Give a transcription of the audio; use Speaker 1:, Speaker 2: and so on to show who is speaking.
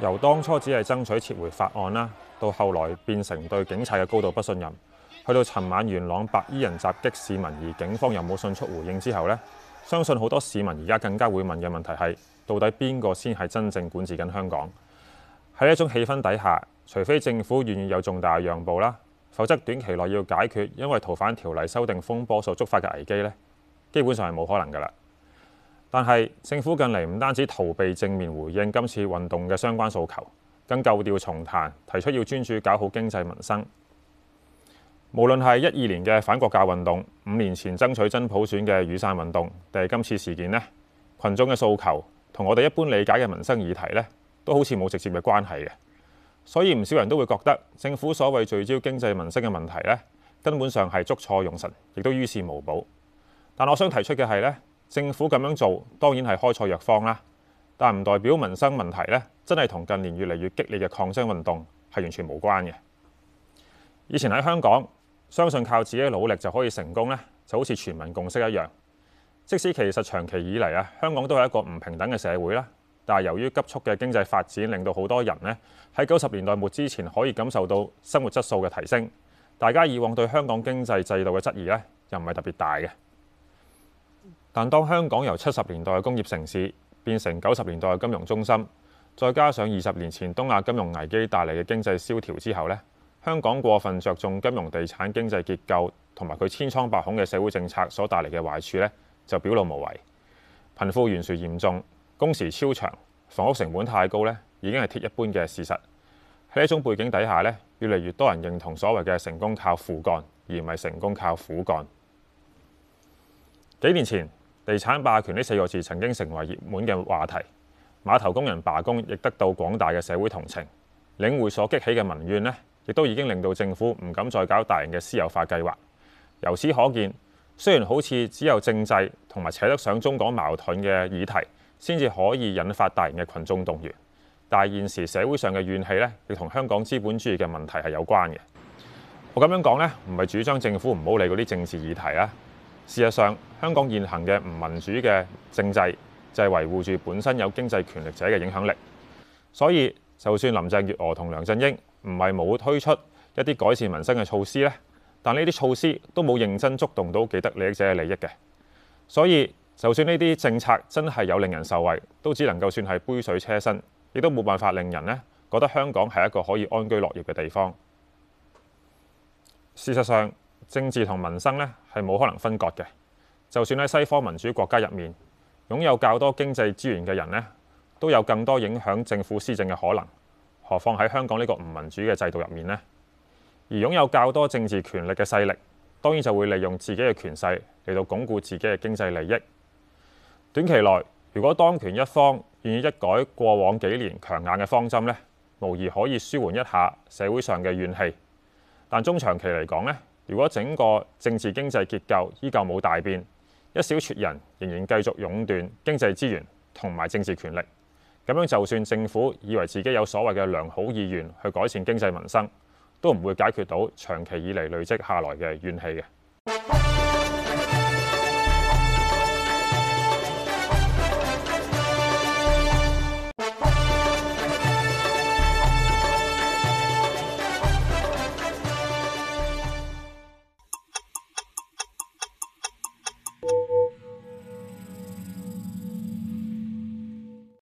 Speaker 1: 由當初只係爭取撤回法案啦，到後來變成對警察嘅高度不信任，去到尋晚元朗白衣人襲擊市民而警方又冇迅速回應之後呢，相信好多市民而家更加會問嘅問題係，到底邊個先係真正管治緊香港？喺呢種氣氛底下，除非政府願意有重大讓步啦，否則短期內要解決因為逃犯條例修訂風波所觸發嘅危機呢，基本上係冇可能㗎喇。但係政府近嚟唔單止逃避正面回應今次運動嘅相關訴求，更舊調重彈，提出要專注搞好經濟民生。無論係一二年嘅反國教運動，五年前爭取真普選嘅雨傘運動，定係今次事件呢，群眾嘅訴求同我哋一般理解嘅民生議題呢，都好似冇直接嘅關係嘅。所以唔少人都會覺得政府所謂聚焦經濟民生嘅問題呢，根本上係捉錯用神，亦都於事無補。但我想提出嘅係呢。政府咁樣做當然係開錯藥方啦，但唔代表民生問題呢，真係同近年越嚟越激烈嘅抗爭運動係完全無關嘅。以前喺香港，相信靠自己努力就可以成功呢，就好似全民共識一樣。即使其實長期以嚟啊，香港都係一個唔平等嘅社會啦。但係由於急速嘅經濟發展，令到好多人呢，喺九十年代末之前可以感受到生活質素嘅提升，大家以往對香港經濟制度嘅質疑呢，又唔係特別大嘅。但當香港由七十年代嘅工業城市變成九十年代嘅金融中心，再加上二十年前東亞金融危機帶嚟嘅經濟蕭條之後呢，香港過分着重金融地產經濟結構同埋佢千瘡百孔嘅社會政策所帶嚟嘅壞處呢，就表露無遺。貧富懸殊嚴重，工時超長，房屋成本太高呢，已經係鐵一般嘅事實。喺呢種背景底下呢，越嚟越多人認同所謂嘅成功靠父幹，而唔係成功靠苦幹。幾年前，地產霸權呢四個字曾經成為熱門嘅話題，碼頭工人罷工，亦得到廣大嘅社會同情，領匯所激起嘅民怨呢，亦都已經令到政府唔敢再搞大型嘅私有化計劃。由此可見，雖然好似只有政制同埋扯得上中港矛盾嘅議題，先至可以引發大型嘅群眾動員，但係現時社會上嘅怨氣呢，亦同香港資本主義嘅問題係有關嘅。我咁樣講呢，唔係主張政府唔好理嗰啲政治議題啊。事實上，香港現行嘅唔民主嘅政制就係、是、維護住本身有經濟權力者嘅影響力，所以就算林鄭月娥同梁振英唔係冇推出一啲改善民生嘅措施呢，但呢啲措施都冇認真觸動到既得利益者嘅利益嘅，所以就算呢啲政策真係有令人受惠，都只能夠算係杯水車薪，亦都冇辦法令人咧覺得香港係一個可以安居樂業嘅地方。事實上，政治同民生呢。係冇可能分割嘅，就算喺西方民主國家入面，擁有較多經濟資源嘅人呢，都有更多影響政府施政嘅可能。何況喺香港呢個唔民主嘅制度入面呢，而擁有較多政治權力嘅勢力，當然就會利用自己嘅權勢嚟到鞏固自己嘅經濟利益。短期內，如果當權一方願意一改過往幾年強硬嘅方針呢，無疑可以舒緩一下社會上嘅怨氣。但中長期嚟講呢，如果整個政治經濟結構依舊冇大變，一小撮人仍然繼續壟斷經濟資源同埋政治權力，咁樣就算政府以為自己有所謂嘅良好意願去改善經濟民生，都唔會解決到長期以嚟累積下來嘅怨氣嘅。